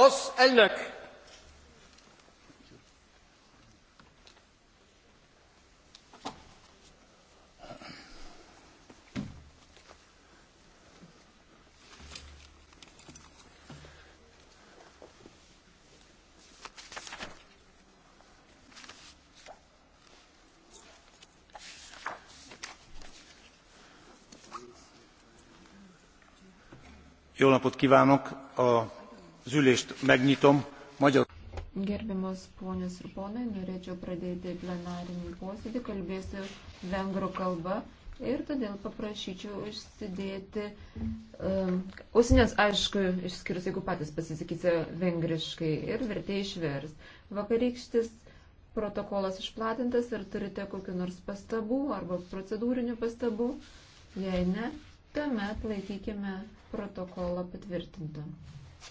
Az elnök! jó napot kvánok! a Gerbiamas ponės ir ponai, norėčiau pradėti plenarinį posėdį, kalbėsiu vengrų kalba ir todėl paprašyčiau išsidėti um, ausinės, aišku, išskyrus, jeigu patys pasisakysite vengriškai ir vertė išvers. Vakarykštis protokolas išplatintas, ar turite kokiu nors pastabų arba procedūrinių pastabų? Jei ne, tuomet laikykime protokolą patvirtintą.